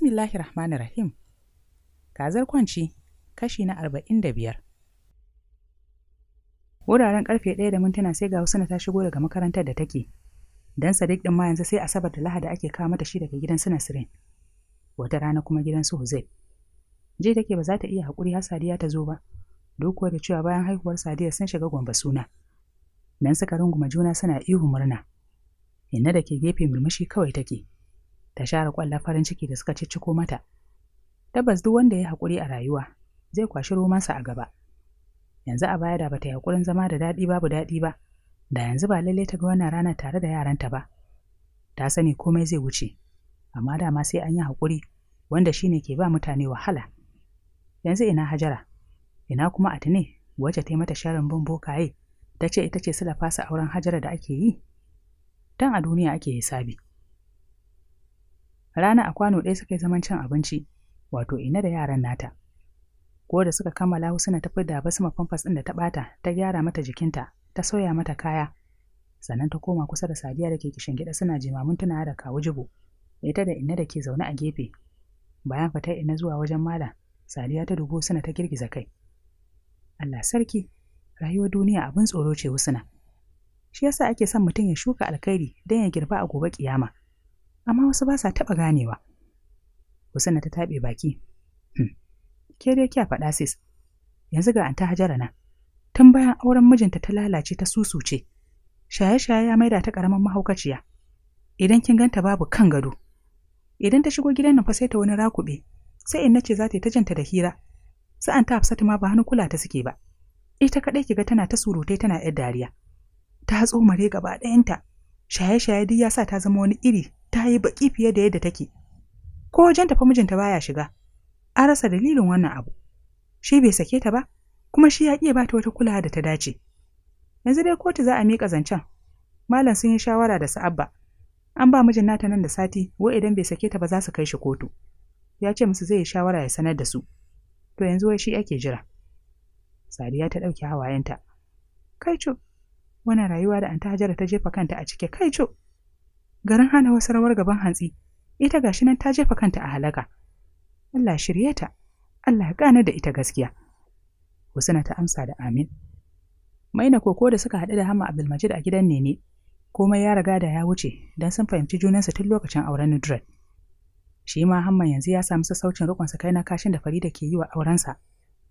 Bismillahir Rahmanir Rahim. Kazar kwanci kashi na arba'in da biyar. Wuraren ƙarfe ɗaya da mintuna sai ga Husna ta shigo daga makarantar da take. Dan Sadiq din ma yanzu sai Asabar da Lahadi ake kawo mata shi daga gidan Sina Sirin. Wata rana kuma gidan su Huzail. Je take ba za ta iya haƙuri har Sadiya ta zo ba. Dokuwa da cewa bayan haihuwar Sadiya sun shiga gwamba suna. Dan suka runguma juna suna ihu murna. Inna da ke gefe murmushi kawai take. ta share kwallon farin ciki da suka cicciko mata. Tabbas duk wanda ya haƙuri a rayuwa zai kwashi romansa a gaba. Yanzu a baya da bata yi hakurin zama da daɗi babu daɗi ba, da yanzu ba lallai ta ga wannan rana tare da yaranta ba. Ta sani komai zai wuce, amma dama sai an yi haƙuri wanda shine ke ba mutane wahala. Yanzu ina Hajara, ina kuma Atine wacce ta yi mata sharin bin bokaye ta ce ita ce sulafa fasa auren Hajara da ake yi? Dan a duniya ake hisabi. Rana a kwano ɗaya suka yi zaman cin abinci, wato ina da yaran nata. Ko da suka kammala na ta da basma famfas ɗin da ta ɓata, ta gyara mata jikinta, ta sauya mata kaya, sannan ta koma kusa da Sadiya da ke kishin gida suna jimamin tunawa da kawu jibo, ita da ina da ke zaune a gefe. Bayan fita ina zuwa wajen mala Sadiya ta dubo suna ta girgiza kai. Allah sarki, rayuwar duniya abin tsoro ce na Shi yasa ake son mutum ya shuka alkhairi don ya girba a gobe kiyama. amma wasu ba sa taɓa ganewa. Husna ta taɓe baki. Hmm, ke dai kya faɗa sis, yanzu ga anta Hajara na. Tun bayan auren mijinta ta lalace ta susuce, shaye-shaye ya maida ta ƙaramin mahaukaciya. Idan kin ganta babu kan gado. Idan ta shigo gidan nan fa sai ta wani rakuɓe, sai in nace za ta yi ta janta da hira. Sa'an ta Hafsatu ma ba hannu kula ta suke ba. Ita kaɗai kiga tana ta surutai tana ‘yar dariya. Ta hatso mare gaba ɗayanta, shaye-shaye duk ya sa ta zama wani iri ta yi baki fiye da yadda take ko wajen tafi mijinta baya shiga an rasa dalilin wannan abu shi bai sake ta ba kuma shi ya iya bata wata kulawa da ta dace yanzu dai kotu za a miƙa zancen malam sun yi shawara da sa'abba an ba mijin nata nan da sati wai idan bai sake ta ba za su kai shi kotu ya ce musu zai yi shawara ya sanar da su to yanzu wai shi ake jira sadiya ta ɗauki hawayenta kai co wannan rayuwa da ta hajara ta jefa kanta a cike kai co garin hana wasu rawar gaban hantsi ita gashi nan ta jefa kanta a halaka Allah shirye ta Allah gane da ita gaskiya Husna ta amsa da amin Maina koko da suka haɗu da Hama Abdulmajid a gidan Nene komai ya riga da ya wuce don sun fahimci junansa tun lokacin auren Nudrat shi ma Hamma yanzu ya samu sassaucin rikon sa kai na kashin da Farida ke yi wa aurensa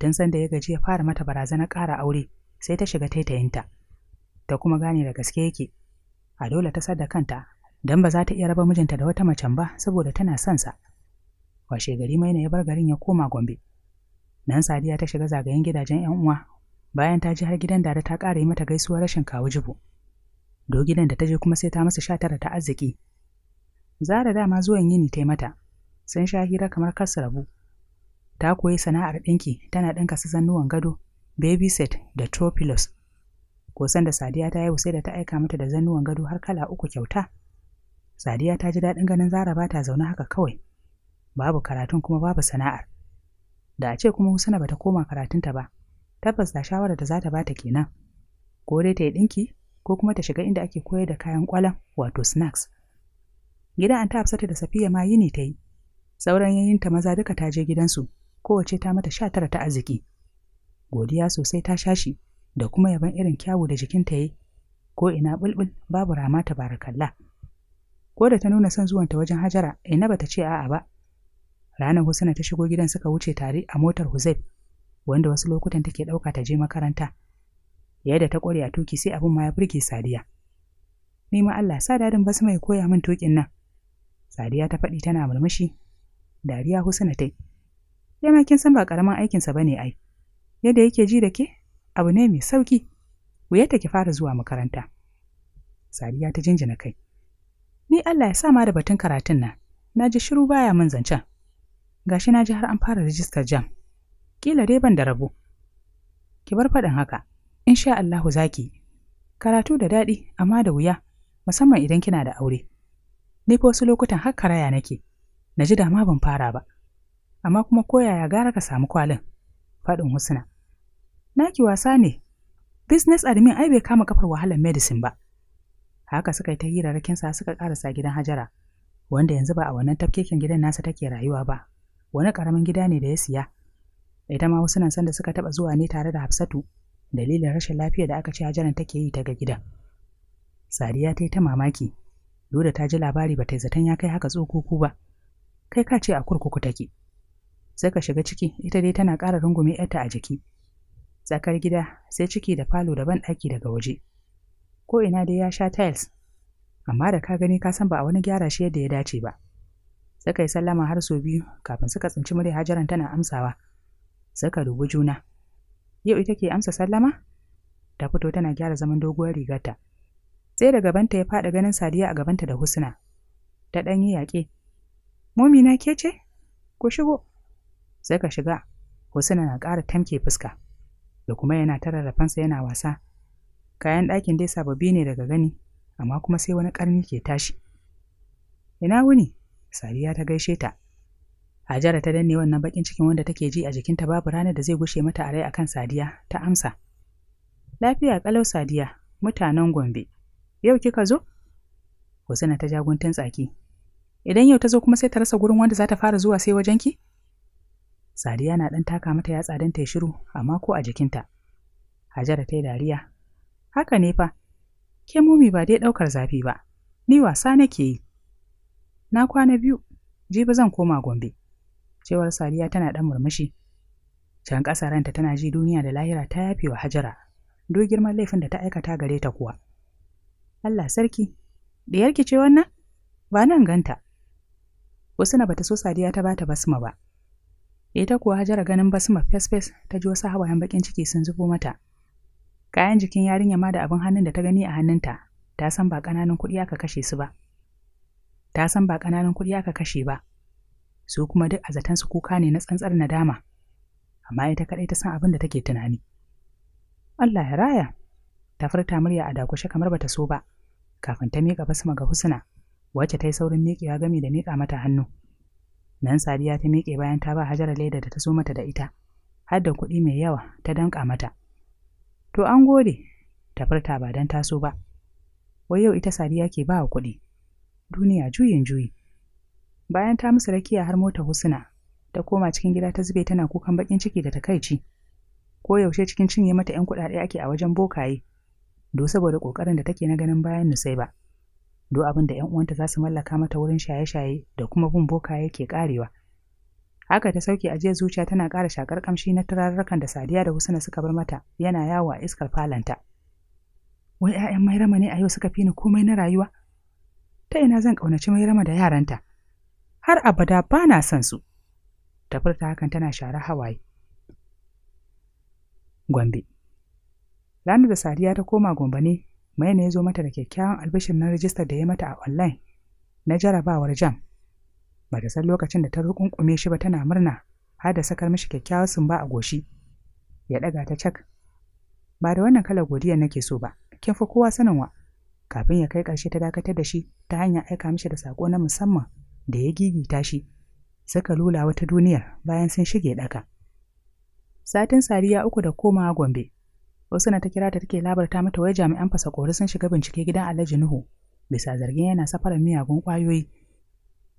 don san da ya gaji ya fara mata barazanar ƙara aure sai ta shiga taitayinta ta kuma gane da gaske yake a dole ta sadda kanta don ba za ta iya raba mijinta da wata macen ba saboda tana son sa. Washe gari maina ya bar garin ya koma Gombe. Nan Sadiya ta shiga zagayen gidajen 'yan uwa bayan ta ji har gidan da ta ƙara yi mata gaisuwar rashin kawo jibo. Do gidan da ta je kuma sai ta masa sha tara ta arziki. Zara dama zuwan yini ta taimata. mata, sun sha hira kamar kar rabu. Ta koyi sana'ar ɗinki tana ɗinka su zannuwan gado, baby set da tropilos. Kosan da Sadiya ta yi sai da ta aika mata da zannuwan gado har kala uku kyauta. Sadiya ta ji daɗin ganin Zara ba ta zaune haka kawai. Babu karatun kuma babu sana'ar. Da a ce kuma Husna ta koma karatunta ba, tabbas da shawarar da za ta ba ta kenan. Ko dai ta yi ɗinki, ko kuma ta shiga inda ake koyar da kayan kwalam wato snacks. Gidan an ta hafsata da Safiya ma yi yini ta yi. Sauran yayinta maza duka ta je gidansu, kowace ta mata sha tara ta arziki. Godiya sosai ta sha shi, da kuma yaban irin kyawu da jikinta yi, ko ina bulbul babu rama ta barakalla. ko da ta nuna son zuwanta wajen Hajara, Ina bata ce a'a ba. Ranar Husna ta shigo gidan suka wuce tare a motar Huzaib, wanda wasu lokutan take ɗauka ta je makaranta. Yadda ta ƙware a tuki sai abin ma ya burge Sadiya. Ni ma Allah sa dadin basu mai koya min tukin nan. Sadiya ta faɗi tana murmushi. Dariya Husna tai. Ya ma kin san ba karaman aikinsa ne, ai. Yadda yake ji da ke abu ne mai sauki. Wuyarta ki fara zuwa makaranta. Sadiya ta jinjina kai. Ni Allah ya sa ma da batun karatun nan, na ji shiru baya min zancen. Gashi na ji har an fara rijistar jam. Kila dai ban da rabo. Ki bar faɗin haka, in sha Allahu zaki. Karatu da daɗi amma da wuya, musamman idan kina da aure. Ni fa wasu lokutan har karaya nake, na ji dama ban fara ba. Amma kuma koyaya gara ka samu kwalin, faɗin Husna. Naki wasa ne, business admin ai bai kama kafar wahalar medicine ba. haka suka yi ta hirarrakin sa suka karasa gidan Hajara wanda yanzu ba a wannan tafkeken gidan nasa take rayuwa ba wani karamin gida ne da ya siya ita ma wasu nan sanda suka taba zuwa ne tare da Hafsatu dalilin rashin lafiya da aka ce Hajaran take yi ta ga gidan Sadiya ta yi ta mamaki Doda ta ji labari ba ta yi zaton ya kai haka tsokoku ba kai ka ce a kurkuku take sai ka shiga ciki ita dai tana ƙara rungume yarta a jiki tsakar gida sai ciki da falo da banɗaki daga waje ko ina dai ya sha tiles amma da ka gani ka san ba a wani gyara shi yadda ya dace ba suka yi sallama har sau biyu kafin suka tsinci murya hajaran tana amsawa suka dubi juna yau ita ke amsa sallama ta fito tana gyara zaman doguwar rigarta sai da gabanta ya faɗa ganin sadiya a gabanta da husna ta ɗan yi yaƙe momina ke ce ku shigo sai ka shiga husna na ƙara tamke fuska da kuma yana ta rarrafansa yana wasa kayan ɗakin dai sababbi ne daga gani amma kuma sai wani ƙarni ke tashi ina wuni sadiya ta gaishe ta hajara ta danne wannan bakin cikin wanda take ji a jikinta babu ranar da zai gushe mata a rai akan sadiya ta amsa lafiya kalau sadiya mutanen gombe yau kika zo husna ta guntun tsaki idan yau ta zo kuma sai ta rasa gurin wanda za ta fara zuwa sai wajen ki? sadiya na ɗan taka mata yatsa don ta yi shiru amma ko a jikinta hajara ta yi dariya haka ne fa ke momi ba dai ɗaukar zafi ba ni wasa nake yi na kwana biyu jibi zan koma gombe cewar sadiya tana ɗan murmushi can ƙasa ranta tana ji duniya da lahira ta yafe wa hajara duk girman laifin da ta aikata gare ta kuwa allah sarki Da yarki ce wannan ba nan ganta wasu na bata so sadiya ta bata basma ba ita kuwa hajara ganin basma fes-fes ta ji wasu hawayen baƙin ciki sun zubo mata Kayan jikin yarinya ma da abin hannun da ta gani a hannunta, ta san ba ƙananan kuɗi aka kashe su ba. Ta san ba ƙananan kuɗi aka kashe ba. Su kuma duk a su kuka ne na tsantsar nadama. Amma ita kaɗai ta san abin da take tunani. Allah ya raya, ta furta murya a dakushe kamar bata so ba, kafin ta miƙa basma ga Husna, wacce ta yi saurin miƙewa gami da miƙa mata hannu. Nan Sadiya ta miƙe bayan ta ba Hajara leda da ta so mata da ita, har da kuɗi mai yawa ta danƙa mata. To an gode, Tafarta furta ba don taso ba. Wai yau ita Sadiya ke ba kuɗi. Duniya juyin juyi. Bayan ta musu rakiya har mota Husuna, ta koma cikin gida ta zube tana kukan baƙin ciki da takaici. Ko yaushe cikin cinye mata 'yan kuɗaɗe ake a wajen bokaye. Do saboda ƙoƙarin da take na ganin bayan ba, Do abin da 'yan uwanta za su mallaka mata wurin shaye-shaye da kuma bin bokaye ke ƙarewa. Haka ta sauke ajiyar zuciya tana ƙara shakar kamshi na turarrakan da Sadiya da Husna suka bar mata yana yawo a iskar falanta. Wai 'ya'yan Mairama ne a yau suka fi ni komai na rayuwa? Ta ina zan ƙaunaci Mairama da yaranta? Har abada ba na son su. Ta furta hakan tana share hawaye. Gombe. Ranar da Sadiya ta koma Gombe ne, Maina ya zo mata da kyakkyawan albishin na rijistar da ya mata a online na jarabawar jam ba da san lokacin da ta rukunkume shi ba tana murna har da sakar mishi kyakkyawar ba a goshi ya ɗaga ta cak ba da wannan kalar godiya nake so ba kin fi kowa sanin kafin ya kai ƙarshe ta dakatar da shi ta hanyar aika mishi da sako na musamman da ya gigita shi suka lula wata duniyar bayan sun shige ɗaka satin sariya uku da komawa gombe wasu na ta kira ta take labarta mata wai jami'an fasa kori sun shiga bincike gidan alhaji nuhu bisa zargin yana safarar miyagun kwayoyi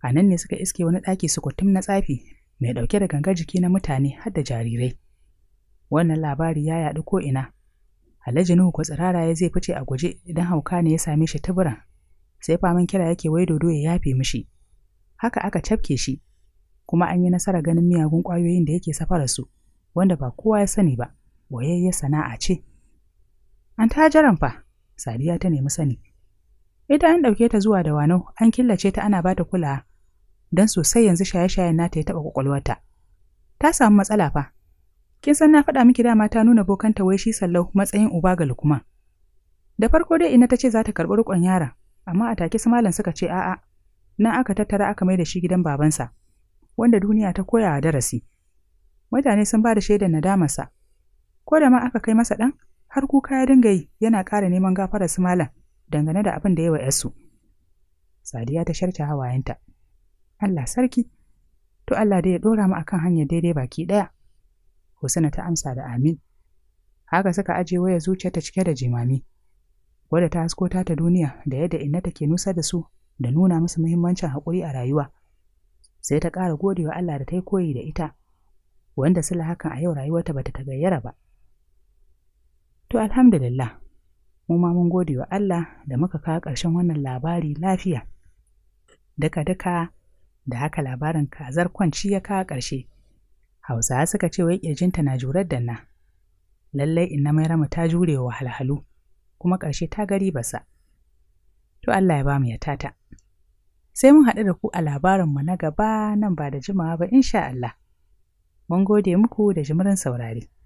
a nan ne suka iske wani ɗaki sukutum na tsafi mai ɗauke da gangar jiki na mutane har da jarirai wannan labari ya yaɗu ko'ina. ina alhaji nuhu ko tsirara ya zai fice a guje idan hauka ne ya same shi tuburan sai faman kira yake wai dodo ya yafe mishi haka aka cafke shi kuma an yi nasara ganin miyagun ƙwayoyin da yake safara su wanda ba kowa ya sani ba wayayya sana'a ce an ta jaran fa sadiya ta nemi sani ita an ɗauke ta zuwa da wano an killace ta ana bata kulawa don sosai yanzu shaye-shayen nata ya taɓa ƙwaƙwalwata. Ta samu matsala fa. Kin san na faɗa miki dama ta nuna bokan ta wai shi sallau matsayin uba ga lukuma. Da farko dai ina ta ce za ta karɓi riƙon yaron, amma a take su malam suka ce a'a, nan aka tattara aka mai da shi gidan babansa, wanda duniya ta koya a darasi. Mutane sun ba da shaidar nadamarsa. Ko da ma aka kai masa ɗan, har kuka ya dinga yi yana ƙara neman gafara su malam dangane da abin da ya wa 'yarsu. Sadiya ta sharce hawayenta. Allah sarki to Allah dai ya ɗora mu akan hanyar daidai baki ɗaya Husna ta amsa da amin haka suka aje waya zuciyarta cike da jimami wadda ta hasko ta ta duniya da yadda inna take nusa da su da nuna musu muhimmancin haƙuri a rayuwa sai ta ƙara gode wa Allah da ta yi koyi da ita wanda sila hakan a yau rayuwarta bata ta gayyara ba to alhamdulillah mu ma mun gode wa Allah da muka kawo ƙarshen wannan labari lafiya daka daka da haka labarin kazar kwanci ya kawo ƙarshe hausa suka ce wai ƙirjinta na jurar danna lallai inna mai rama ta jure wa halhalu kuma ƙarshe ta gari basa to Allah ya ba mu ya tata sai mun haɗu da ku a labarinmu na gaba nan ba da jimawa ba insha Allah mun gode muku da jimirin saurari.